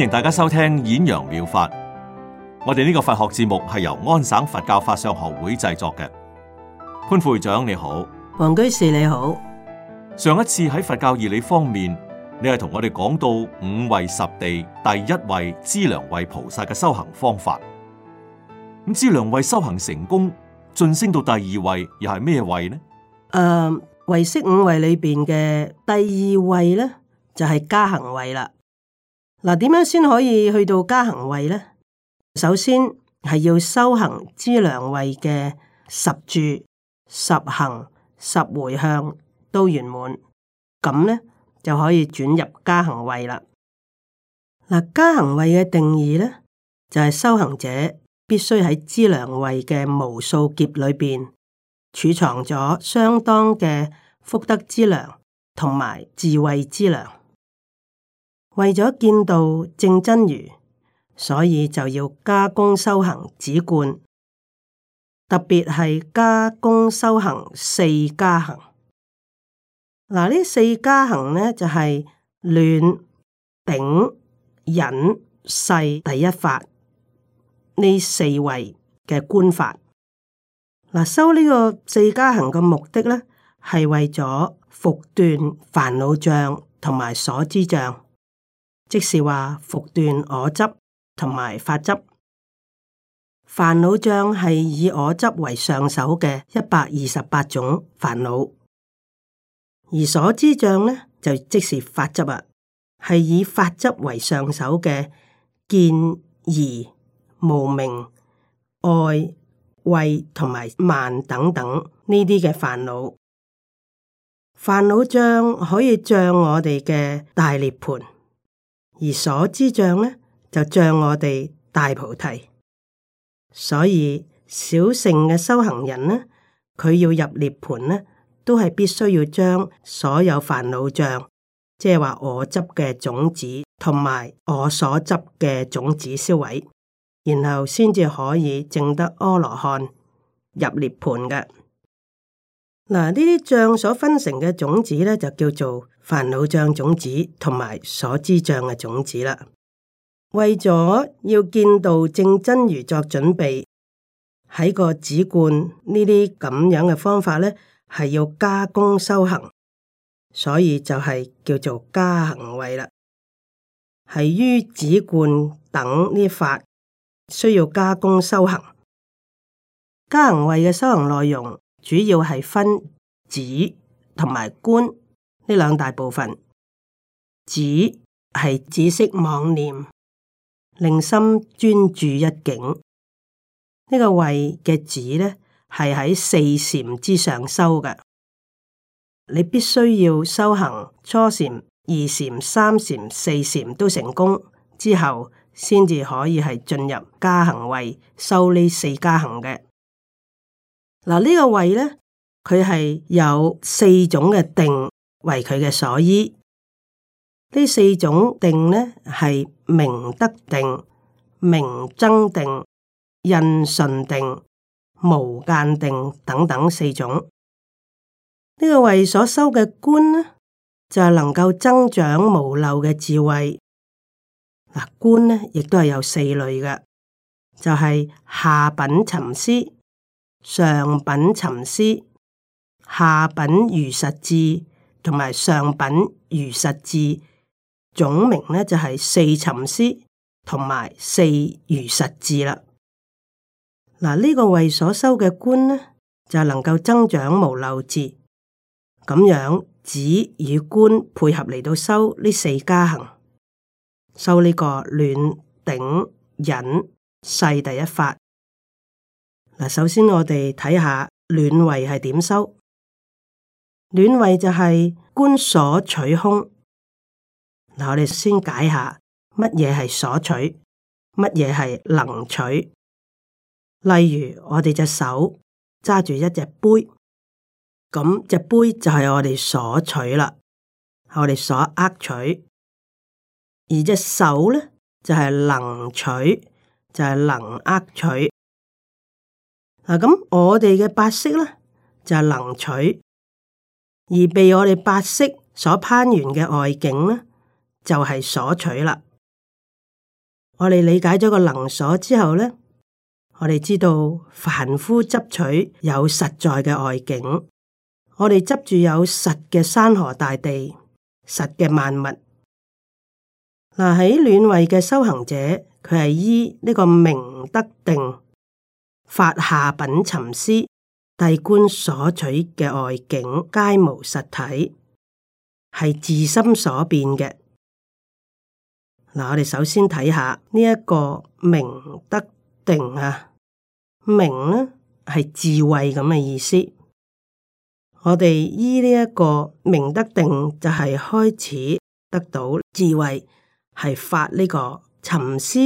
歡迎大家收聽《演揚妙，妙法》。我哋呢個佛學節目係由安省佛教法相學會製作嘅。潘副會長你好，黃居士你好。上一次喺佛教義理方面，你係同我哋講到五位十地，第一位資糧位菩薩嘅修行方法。咁資糧位修行成功，晉升到第二位又係咩位呢？誒、呃，唯識五位裏邊嘅第二位咧，就係、是、加行位啦。嗱，點樣先可以去到加行位呢？首先係要修行資糧位嘅十住、十行、十回向都圓滿，咁咧就可以轉入加行位啦。嗱，加行位嘅定義呢，就係、是、修行者必須喺資糧位嘅無數劫裏邊儲藏咗相當嘅福德資糧同埋智慧資糧。為咗見到正真如，所以就要加功修行止觀，特別係加功修行四加行。嗱，呢四加行呢，就係暖、頂、忍、世第一法呢四位嘅觀法。嗱，修呢個四加行嘅目的呢，係為咗復斷煩惱障同埋所知障。即是話伏斷我執同埋法執，煩惱障係以我執為上手嘅一百二十八種煩惱，而所知障呢就即是法執啊，係以法執為上手嘅見疑、無明愛恚同埋慢等等呢啲嘅煩惱。煩惱障可以障我哋嘅大涅盤。而所知障呢，就障我哋大菩提，所以小乘嘅修行人呢，佢要入涅槃呢，都係必須要將所有煩惱障，即係話我執嘅種子同埋我所執嘅種子銷毀，然後先至可以證得阿羅漢入涅槃嘅。嗱，呢啲障所分成嘅種子咧，就叫做。煩惱障種子同埋所知障嘅種子啦，為咗要見到正真如作準備，喺個止觀呢啲咁樣嘅方法呢，係要加功修行，所以就係叫做加行位啦。係於止觀等呢法需要加功修行，加行位嘅修行內容主要係分止同埋觀。呢兩大部分，止係止息妄念，令心專注一境。這個、位呢個位嘅止咧，係喺四禪之上修嘅。你必須要修行初禪、二禪、三禪、四禪都成功之後，先至可以係進入加行位。修呢四加行嘅。嗱，這個、位呢個位咧，佢係有四種嘅定。為佢嘅所依，呢四種定呢係明德定、明增定、印順定、無間定等等四種。呢、這個位所修嘅觀呢，就係能夠增長無漏嘅智慧。嗱，觀呢亦都係有四類嘅，就係、是、下品尋思、上品尋思、下品如實智，同埋上品如實智總名咧，就係四尋思同埋四如實智啦。嗱，呢個位所修嘅觀，咧，就能夠增長無漏智。咁樣止與觀配合嚟到修呢四加行，修呢個暖頂忍世第一法。嗱，首先我哋睇下暖位係點修。暖位就係觀所取空，我哋先解下乜嘢係所取，乜嘢係能取。例如我哋隻手揸住一隻杯，咁隻杯就係我哋所取啦，我哋所握取，而隻手咧就係、是、能取，就係、是、能握取。嗱，咁我哋嘅八識咧就係、是、能取。而被我哋八識所攀緣嘅外境呢，就係、是、所取啦。我哋理解咗個能所之後呢，我哋知道凡夫執取有實在嘅外境，我哋執住有實嘅山河大地、實嘅萬物。嗱，喺暖位嘅修行者，佢係依呢個明德定發下品沉思。帝官所取嘅外景皆無實體，係自心所變嘅。嗱，我哋首先睇下呢一個明德定啊，明呢係智慧咁嘅意思。我哋依呢一個明德定就係開始得到智慧，係發呢個沉思，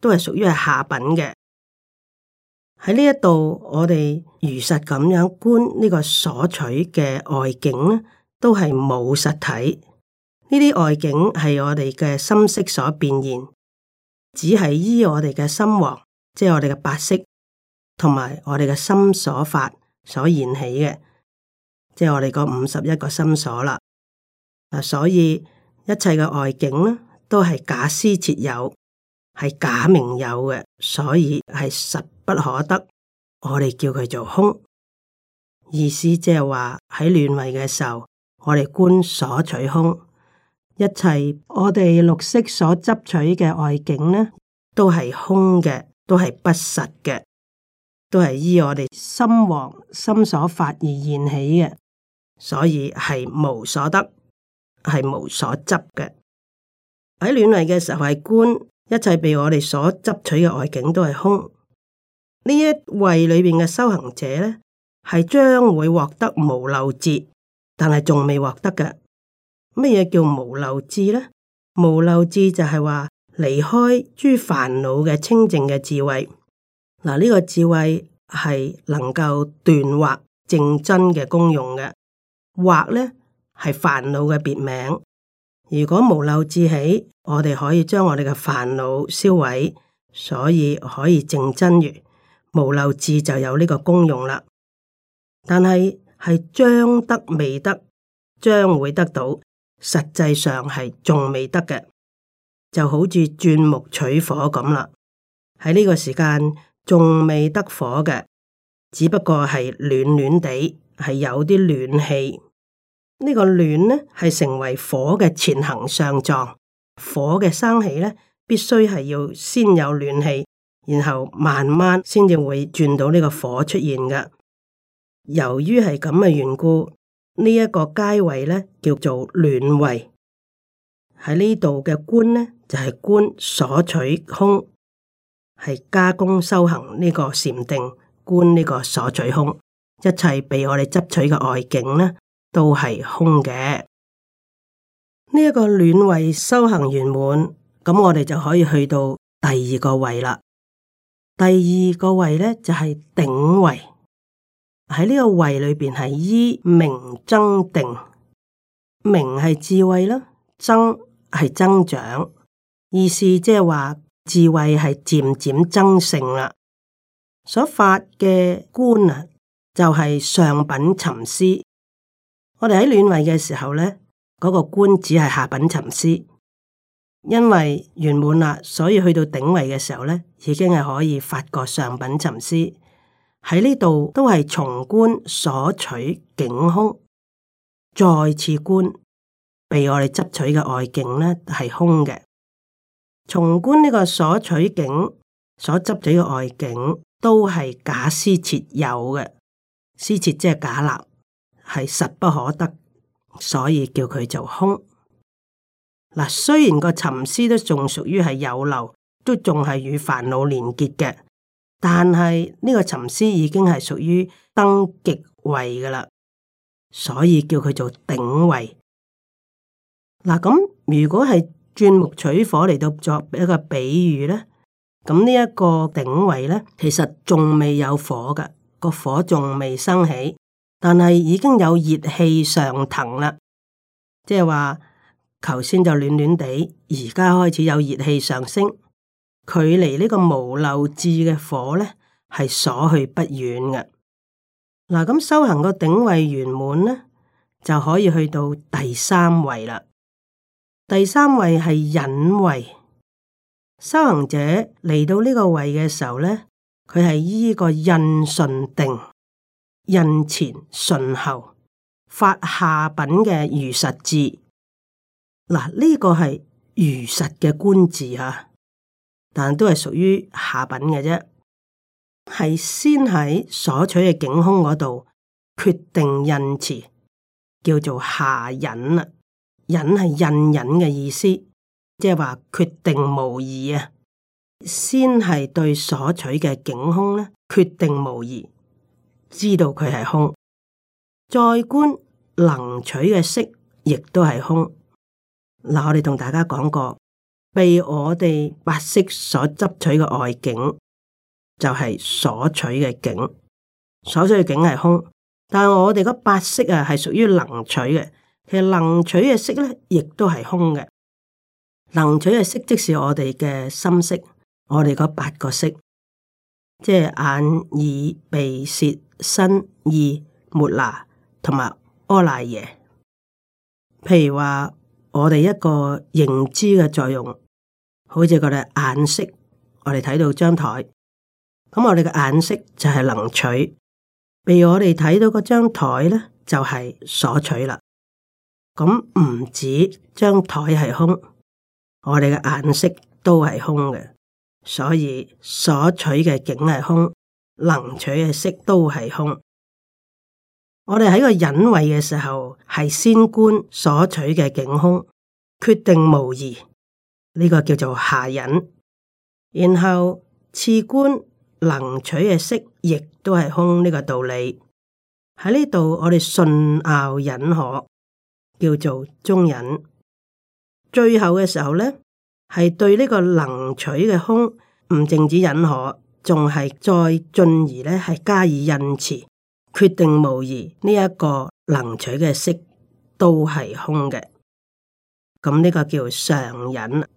都係屬於係下品嘅。喺呢一度，我哋如實咁樣觀呢個所取嘅外境都係冇實體。呢啲外境係我哋嘅心識所變現，只係依我哋嘅心王，即係我哋嘅八識，同埋我哋嘅心所法所現起嘅，即係我哋個五十一個心所啦。所以一切嘅外境咧，都係假施設有，係假名有嘅。所以係實不可得，我哋叫佢做空，意思即係話喺亂位嘅時候，我哋觀所取空，一切我哋六識所執取嘅外境呢，都係空嘅，都係不實嘅，都係依我哋心王心所發而現起嘅，所以係無所得，係無所執嘅。喺亂位嘅時候係觀。一切被我哋所執取嘅外境都係空，呢一位裏面嘅修行者呢，係將會獲得無漏智，但係仲未獲得嘅。乜嘢叫無漏智呢？無漏智就係話離開諸煩惱嘅清淨嘅智慧。嗱、啊、呢、這個智慧係能夠斷惑證真嘅功用嘅。惑呢，係煩惱嘅別名。如果無漏智起，我哋可以將我哋嘅煩惱銷毀，所以可以證真如。無漏智就有呢個功用啦。但係係將得未得，將會得到，實際上係仲未得嘅，就好似鑽木取火咁啦。喺呢個時間仲未得火嘅，只不過係暖暖地，係有啲暖氣。呢個暖呢係成為火嘅前行上狀，火嘅生起呢必須係要先有暖氣，然後慢慢先至會轉到呢個火出現嘅。由於係咁嘅緣故，這個、呢一個階位呢叫做暖位，喺呢度嘅觀呢就係、是、觀所取空，係加功修行呢個禪定觀呢個所取空，一切被我哋執取嘅外境呢。都係空嘅。呢、這、一個暖位修行圓滿，咁我哋就可以去到第二個位啦。第二個位呢，就係、是、頂位，喺呢個位裏邊係依明增定，明係智慧啦，增係增長，意思即係話智慧係漸漸增盛啦。所發嘅觀啊，就係、是、上品尋思。我哋喺暖位嘅時候呢，嗰、那個官只係下品尋思，因為圓滿啦，所以去到頂位嘅時候呢，已經係可以發覺上品尋思。喺呢度都係重觀所取境空，再次觀被我哋執取嘅外境呢係空嘅。重觀呢個所取境，所執取嘅外境都係假施設有嘅，施設即係假立。係實不可得，所以叫佢做空。嗱，雖然個沉思都仲屬於係有漏，都仲係與煩惱連結嘅，但係呢個沉思已經係屬於登極位噶啦，所以叫佢做頂位。嗱，咁如果係鑽木取火嚟到作一個比喻咧，咁呢一個頂位咧，其實仲未有火噶，個火仲未生起。但係已經有熱氣上騰啦，即係話，頭先就暖暖地，而家開始有熱氣上升，距離呢個無漏智嘅火呢，係所去不遠嘅。嗱，咁修行個頂位圓滿呢，就可以去到第三位啦。第三位係忍位，修行者嚟到呢個位嘅時候呢，佢係依個印順定。印前順後，發下品嘅如實字，嗱，呢個係如實嘅觀字吓啊，但都係屬於下品嘅啫，係先喺所取嘅境空嗰度決定印詞，叫做下忍啦，忍係印忍嘅意思，即係話決定無疑啊，先係對所取嘅境空呢，決定無疑。知道佢係空，再觀能取嘅色，亦都係空。嗱，我哋同大家講過，被我哋八識所執取嘅外境，就係、是、所取嘅境，所取嘅境係空。但我哋個八識啊，係屬於能取嘅，其實能取嘅色呢，亦都係空嘅。能取嘅色，即是我哋嘅心識，我哋個八個識，即係眼、耳、鼻、舌。身意末那同埋阿賴耶，譬如話我哋一個認知嘅作用，好似我哋眼識。我哋睇到張台，咁我哋嘅眼識就係能取，譬如我哋睇到嗰張台咧，就係、是、所取啦。咁唔止張台係空，我哋嘅眼識都係空嘅，所以所取嘅境係空。能取嘅色都係空，我哋喺個引位嘅時候係先觀所取嘅境空，決定無疑，呢、這個叫做下引。然後次觀能取嘅色亦都係空，呢個道理喺呢度，我哋順拗引可叫做中引。最後嘅時候咧，係對呢個能取嘅空唔淨止引可。仲係再進而咧，係加以印持，決定無疑呢一個能取嘅色都係空嘅。咁呢個叫上忍，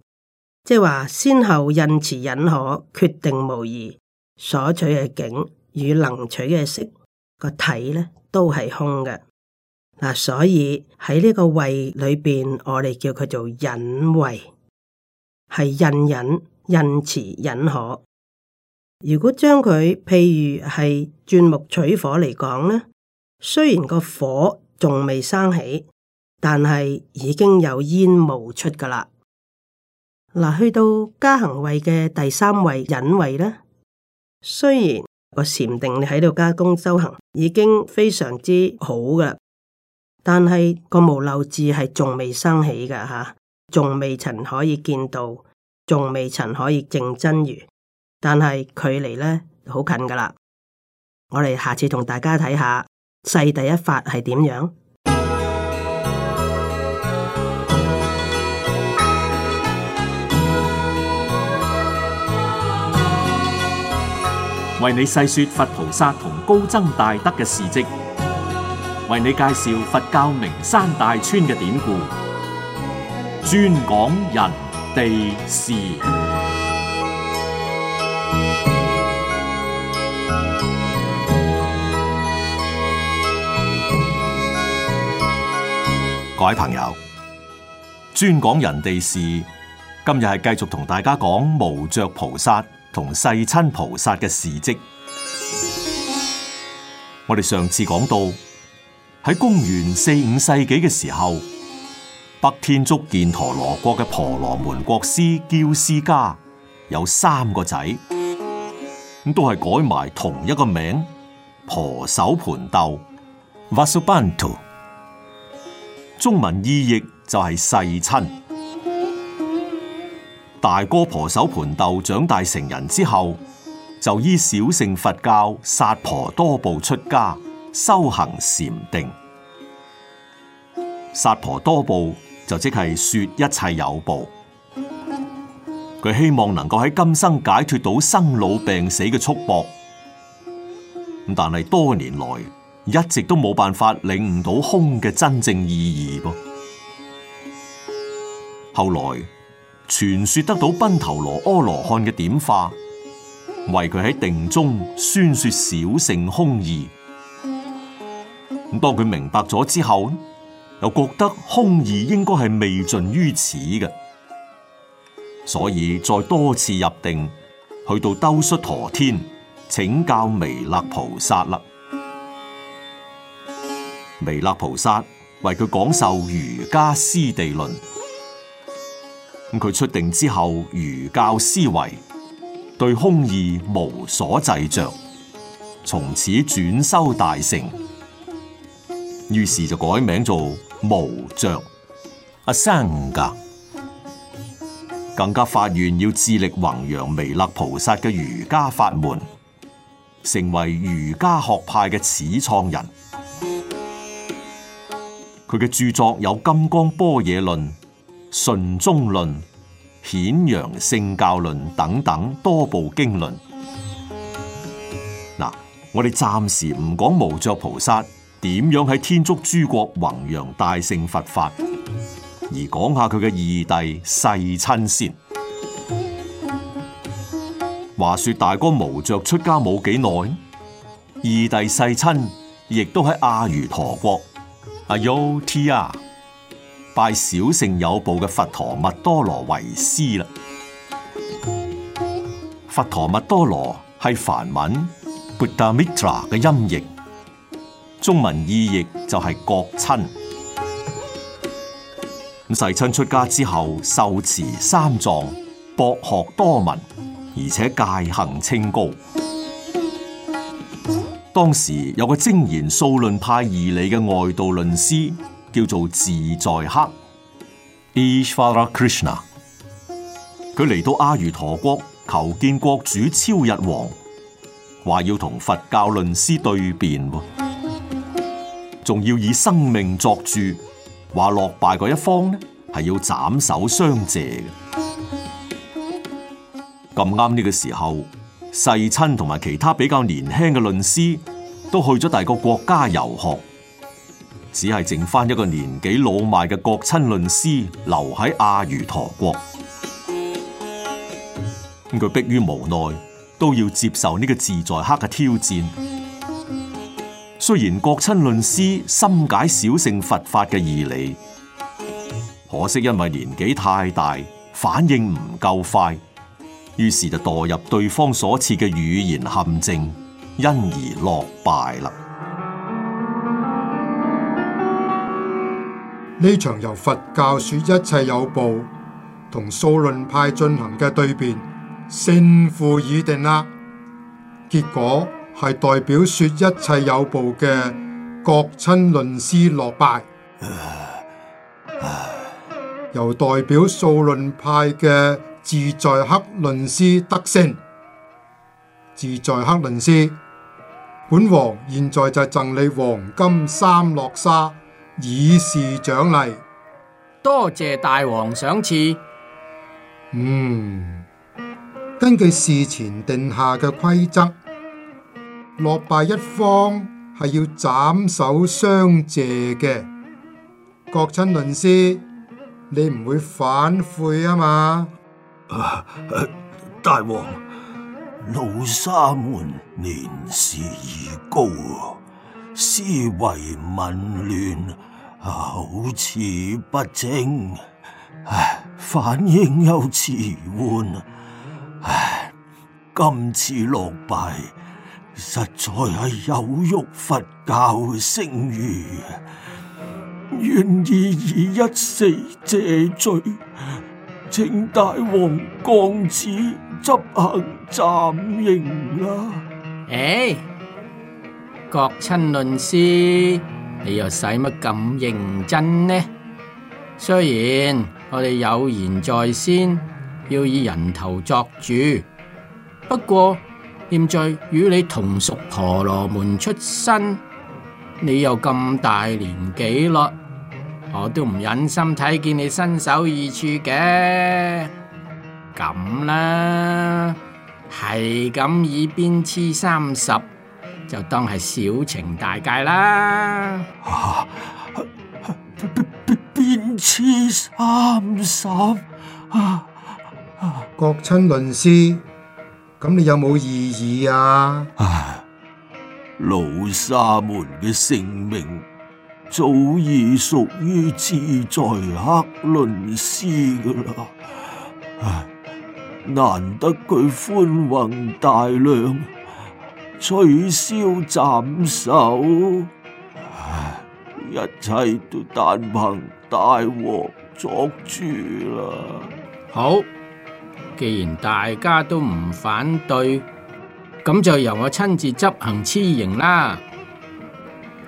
即係話先後印持忍可，決定無疑所取嘅境與能取嘅色個體咧都係空嘅。嗱、啊，所以喺呢個位裏邊，我哋叫佢做忍位，係印忍印持忍可。如果將佢，譬如係鑽木取火嚟講呢，雖然個火仲未生起，但係已經有煙霧出噶啦。嗱、啊，去到加行位嘅第三位隱位呢，雖然個禪定喺度加工修行已經非常之好噶，但係個無漏智係仲未生起噶吓，仲、啊、未曾可以見到，仲未曾可以證真如。但係距離呢好近噶啦，我哋下次同大家睇下世第一法係點樣。為你細說佛菩薩同高僧大德嘅事跡，為你介紹佛教名山大川嘅典故，專講人地事。各位朋友，專講人哋事。今日係繼續同大家講無着菩薩同世親菩薩嘅事跡。我哋上次講到喺公元四五世紀嘅時候，北天竺健陀羅國嘅婆羅門國師鳩師家有三個仔，咁都係改埋同一個名婆手盤豆 v a s u b a n t u 中文意譯就係世親，大哥婆藪盤豆長大成人之後，就依小乘佛教，薩婆多部出家修行禪定。薩婆多部就即係說一切有部，佢希望能夠喺今生解脫到生老病死嘅束縛。但係多年來，一直都冇辦法領悟到空嘅真正意義噃。後來傳說得到賓頭盧阿羅漢嘅點化，為佢喺定中宣說小乘空義。咁當佢明白咗之後，又覺得空義應該係未盡於此嘅，所以再多次入定，去到兜率陀天請教彌勒菩薩啦。彌勒菩薩為佢講授瑜伽師地論，咁佢出定之後，如教思維，對空義無所執著，從此轉修大乘，於是就改名做無着阿僧伽，更加發願要致力弘揚彌勒菩薩嘅瑜伽法門，成為瑜伽學派嘅始創人。佢嘅著作有《金剛般若論》、《順中論》、《顯揚聖教論》等等多部經論。嗱，我哋暫時唔講無著菩薩點樣喺天竺諸國弘揚大乘佛法，而講下佢嘅二弟世親先。話說大哥無著出家冇幾耐，二弟世親亦都喺阿瑜陀國。阿優提亞，拜小乘有部嘅佛陀密多羅為師啦。佛陀密多羅係梵文 Buddhamitra 嘅音譯，中文意譯就係覺親。咁世親出家之後，受持三藏，博學多聞，而且戒行清高。當時有個精研數論派義理嘅外道論師，叫做自在黑，佢嚟到阿瑜陀國求見國主超日王，話要同佛教論師對辯，仲要以生命作注，話落敗嗰一方呢係要斬首相謝嘅。咁啱呢個時候。世親同埋其他比較年輕嘅論師都去咗第個國家遊學，只係剩翻一個年紀老邁嘅國親論師留喺阿瑜陀國。佢迫於無奈，都要接受呢個自在黑嘅挑戰。雖然國親論師深解小乘佛法嘅義理，可惜因為年紀太大，反應唔夠快。於是就墮入對方所設嘅語言陷阱，因而落敗啦。呢 場由佛教說一切有部同數論派進行嘅對辯，勝負已定啦。結果係代表說一切有部嘅國親論師落敗， 由代表數論派嘅。自在黑論師得勝。自在黑論師，本王現在就贈你黃金三洛沙，以示獎勵。多謝大王賞賜。嗯，根據事前定下嘅規則，落敗一方係要斬首相謝嘅。覺親論師，你唔會反悔啊嘛？啊啊、大王，老沙門年事已高，思維紊亂，口齒不清，啊、反應又遲緩，唉、啊，今次落敗實在係有辱佛教聲譽，願意以一死謝罪。請大王降旨執行斬刑啦！誒，國親論師，你又使乜咁認真呢？雖然我哋有言在先，要以人頭作主，不過念在與你同屬婆羅門出身，你又咁大年紀啦。我都唔忍心睇見你身首異處嘅，咁啦，係咁以鞭笞三十，就當係小懲大誡啦。啊！鞭鞭鞭鞭笞三十啊！國親論師，咁你有冇異議啊？老沙門嘅性命。早已屬於自在克倫斯噶啦，難得佢寬宏大量，取消斬首，一切都單憑大鵬大王作主啦。好，既然大家都唔反對，咁就由我親自執行笞刑啦。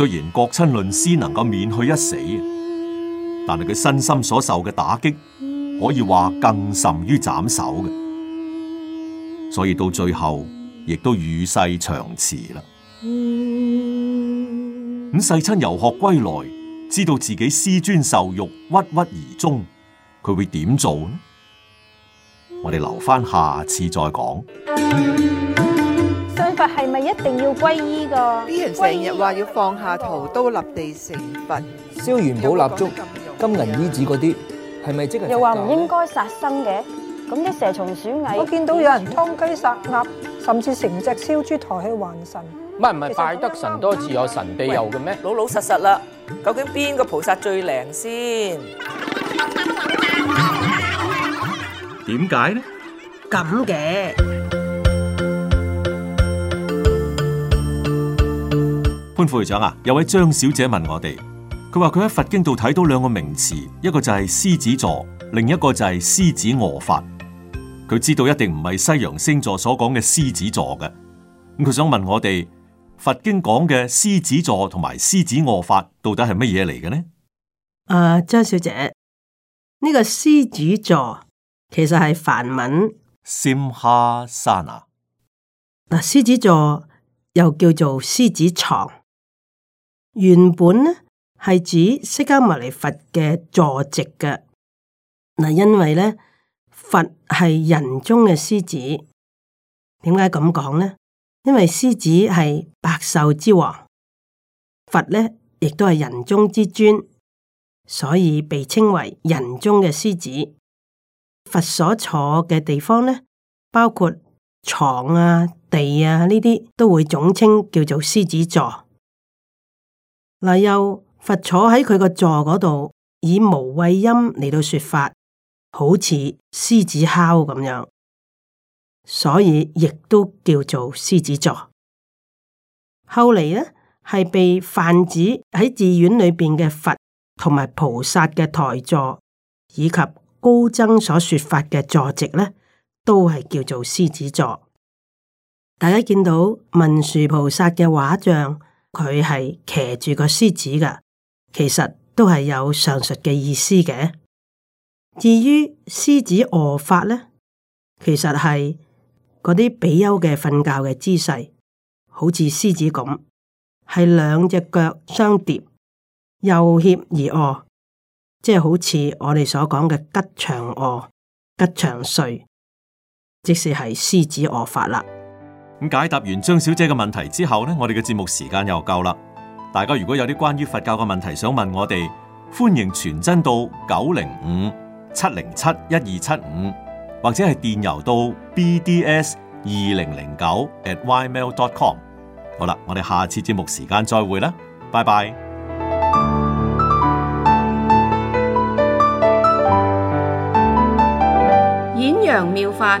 雖然國親論師能夠免去一死，但係佢身心所受嘅打擊，可以話更甚於斬首嘅，所以到最後亦都與世長辭啦。咁世親遊學歸來，知道自己師尊受辱，鬱鬱而終，佢會點做呢？我哋留翻下,下次再講。係咪一定要皈依個？啲人成日話要放下屠刀立地成佛，燒元寶蠟燭、金銀衣紙嗰啲，係咪即係？又話唔應該殺生嘅，咁啲蛇蟲鼠蟻，我見到有人劏雞殺鴨，甚至成隻燒豬抬去還神。唔係唔係，拜得神多自有神庇佑嘅咩？老老實實啦，究竟邊個菩薩最靈先？點解呢？咁嘅。潘副會長啊，有位張小姐問我哋，佢話佢喺佛經度睇到兩個名詞，一個就係獅子座，另一個就係獅子臥法。佢知道一定唔係西洋星座所講嘅獅子座嘅，咁佢想問我哋，佛經講嘅獅子座同埋獅子臥法到底係乜嘢嚟嘅呢？啊、呃，張小姐，呢、呢個獅子座其實係梵文 Simhasana，嗱，獅子座又叫做獅子床。原本呢係指釋迦牟尼佛嘅坐席㗎。嗱，因為呢佛係人中嘅獅子，點解咁講呢？因為獅子係百獸之王，佛呢亦都係人中之尊，所以被稱為人中嘅獅子。佛所坐嘅地方呢，包括床啊、地啊呢啲，都會總稱叫做獅子座。嗱，又佛坐喺佢個座嗰度，以無畏音嚟到說法，好似獅子哮咁樣，所以亦都叫做獅子座。後嚟呢，係被泛指喺寺院裏邊嘅佛同埋菩薩嘅台座，以及高僧所說法嘅坐席呢，都係叫做獅子座。大家見到文殊菩薩嘅畫像。佢係騎住個獅子噶，其實都係有上述嘅意思嘅。至於獅子臥法咧，其實係嗰啲比丘嘅瞓覺嘅姿勢，好似獅子咁，係兩隻腳相疊，右脅而臥，即係好似我哋所講嘅吉祥臥、吉祥睡，即使係獅子臥法啦。咁解答完張小姐嘅問題之後咧，我哋嘅節目時間又夠啦。大家如果有啲關於佛教嘅問題想問我哋，歡迎傳真到九零五七零七一二七五，75, 或者係電郵到 bds 二零零九 @ymail.com。好啦，我哋下次節目時間再會啦，拜拜。演揚妙法。